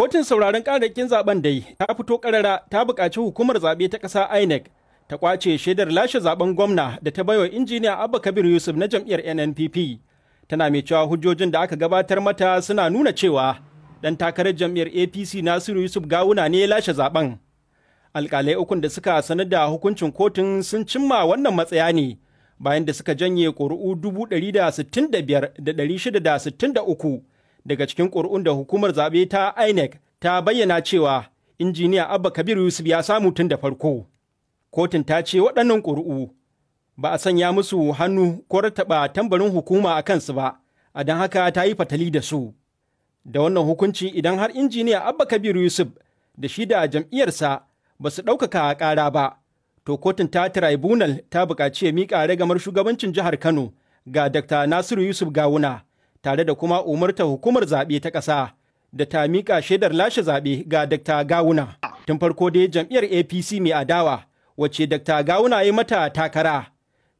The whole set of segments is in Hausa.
Kotun sauraron kararrakin zaben dai ta fito karara ta buƙaci hukumar zaɓe ta ƙasa INEC ta kwace shaidar lashe zaben gwamna da ta baiwa injiniya Abba Kabir Yusuf na jam'iyyar NNPP. Tana mai cewa hujjojin da aka gabatar mata suna nuna cewa ɗan takarar jam'iyyar APC Nasiru Yusuf Gawuna ne lashe zaben. Alƙalai ukun da suka sanar da hukuncin kotun sun cimma wannan matsaya ne bayan da suka janye ƙuri'u 665,663 daga cikin ƙuri'un da hukumar zaɓe ta INEC ta bayyana cewa injiniya Abba Kabir Yusuf ya samu tun da farko. Kotun ta ce waɗannan ƙuri'u ba a sanya musu hannu ko rattaba tambarin hukuma a kansu ba, a don haka ta yi fatali da su. Da wannan hukunci idan har injiniya Abba Kabir Yusuf da shi da jam'iyyarsa ba su ɗaukaka a ƙara ba, to kotun ta tribunal ta buƙaci ya miƙa ragamar shugabancin jihar Kano ga Dr. Nasiru Yusuf Gawuna. tare da kuma umarta hukumar zaɓe ta ƙasa da ta miƙa shaidar lashe zaɓe ga Dr. Gawuna. Tun farko dai jam'iyyar APC mai adawa wacce Dr. Gawuna ya mata takara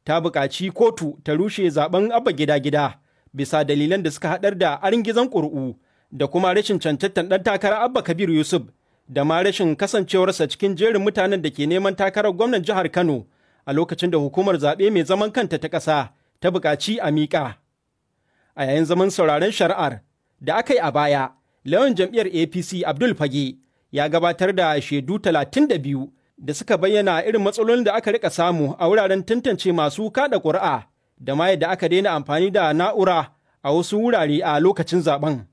ta buƙaci kotu ta rushe zaɓen abba gida-gida bisa dalilan da suka haɗar da aringizan ƙuri'u da kuma rashin cancantar ɗan takara abba kabir yusuf da ma rashin kasancewarsa cikin jerin mutanen da ke neman takarar gwamnan jihar kano a lokacin da hukumar zaɓe mai zaman kanta ta ƙasa ta buƙaci a miƙa. a yayin zaman sauraron shari'ar da aka yi a baya lawan jam'iyyar apc abdul fage ya gabatar da shaidu talatin da biyu da suka bayyana irin matsalolin da aka rika samu a wuraren tantance masu kada ƙuri'a da ma yadda aka daina amfani da na'ura a wasu wurare a lokacin zaben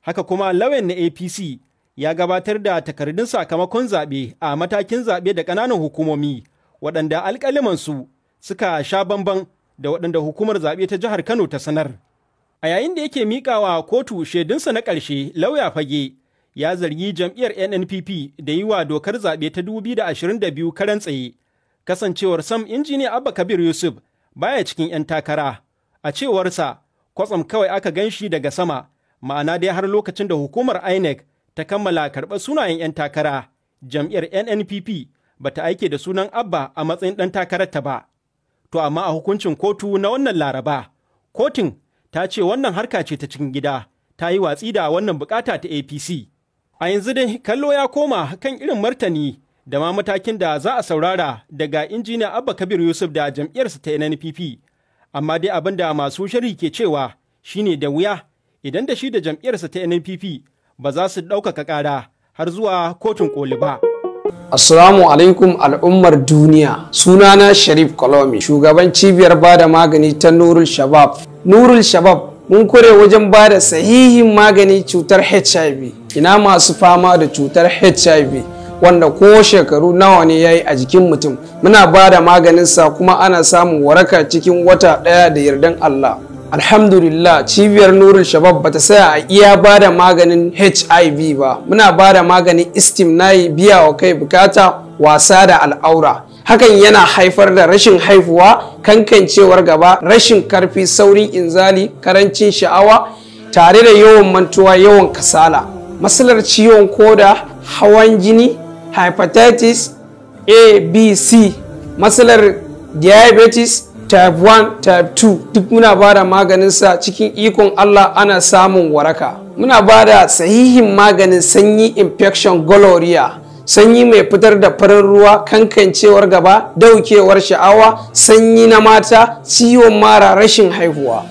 haka kuma lawan na apc ya gabatar da takardun sakamakon zaɓe a matakin zaɓe da ƙananan hukumomi waɗanda alƙalimansu suka sha bamban da waɗanda hukumar zaɓe ta jihar kano ta sanar. A yayin da yake miƙawa kotu shaidunsa na ƙarshe lauya fage ya zargi jam'iyyar NNPP da yi wa dokar zaɓe ta 2022 karan tsaye kasancewar sam injiniya Abba Kabir Yusuf baya cikin 'yan takara. A cewarsa kwatsam kawai aka gan shi daga sama ma'ana dai har lokacin da hukumar INEC ta kammala karɓar sunayen 'yan takara jam'iyyar NNPP ba ta aike da sunan Abba a matsayin ɗan takararta ba. To amma a hukuncin kotu na wannan Laraba, kotun ta ce wannan harka ce ta cikin gida ta yi watsi da wannan bukata ta apc a yanzu dai kallo ya koma kan irin martani da ma matakin da za a saurara daga injiniya abba kabir yusuf da jam'iyyarsa ta nnpp amma dai abin da masu sharhi ke cewa shine da wuya idan da shi da jam'iyyarsa ta nnpp ba za su ɗaukaka ƙara har zuwa kotun koli ba. Assalamu alaikum al'ummar duniya. Sunana Sharif Kolomi, shugaban cibiyar bada magani ta Nurul Shabab nurul shabab mun kure wajen ba da sahihin magani cutar hiv ina masu fama da cutar hiv wanda ko shekaru nawa ne ya yi a jikin mutum muna ba da sa kuma ana samun waraka cikin wata ɗaya da yardan allah alhamdulillah cibiyar nurul shabab ba ta saya a iya ba da maganin hiv ba muna ba da maganin istimnai biya wa kai bukata wasa da al'aura hakan yana haifar da rashin haifuwa kankancewar gaba rashin karfi saurin inzali karancin sha'awa tare da yawan mantuwa yawan kasala matsalar ciwon koda hawan jini hepatitis a b c matsalar diabetes type 1 type 2 duk muna bada sa cikin ikon Allah ana samun waraka muna bada sahihin maganin sanyi infection gonorrhea sanyi mai fitar da farin ruwa kankancewar gaba daukewar sha'awa sanyi na mata ciwon mara rashin haihuwa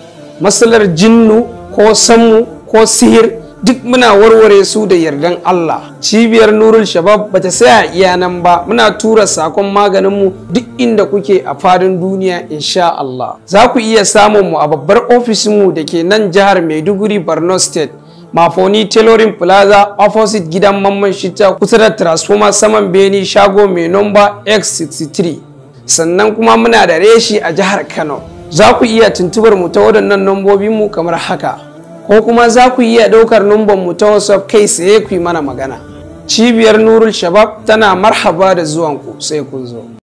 matsalar jinnu ko sammu ko sihir duk muna warware su da yardan Allah cibiyar nurul shabab bata saya iya nan ba muna tura sakon maganinmu duk inda kuke a fadin duniya insha Allah za ku iya samun mu a babbar ofishinmu da ke nan jihar Maiduguri Borno State Mafoni Tailoring Plaza opposite gidan Mamman Shitta kusa da Transformer saman Beni shago mai nomba X63. Sannan kuma muna da reshi a jihar Kano. Za ku iya tuntubar mu ta waɗannan nambobin mu kamar haka. Ko kuma za ku iya ɗaukar numban mu ta WhatsApp kai tsaye ku yi mana magana. Cibiyar Nurul Shabab tana marhaba da zuwanku sai kun zo.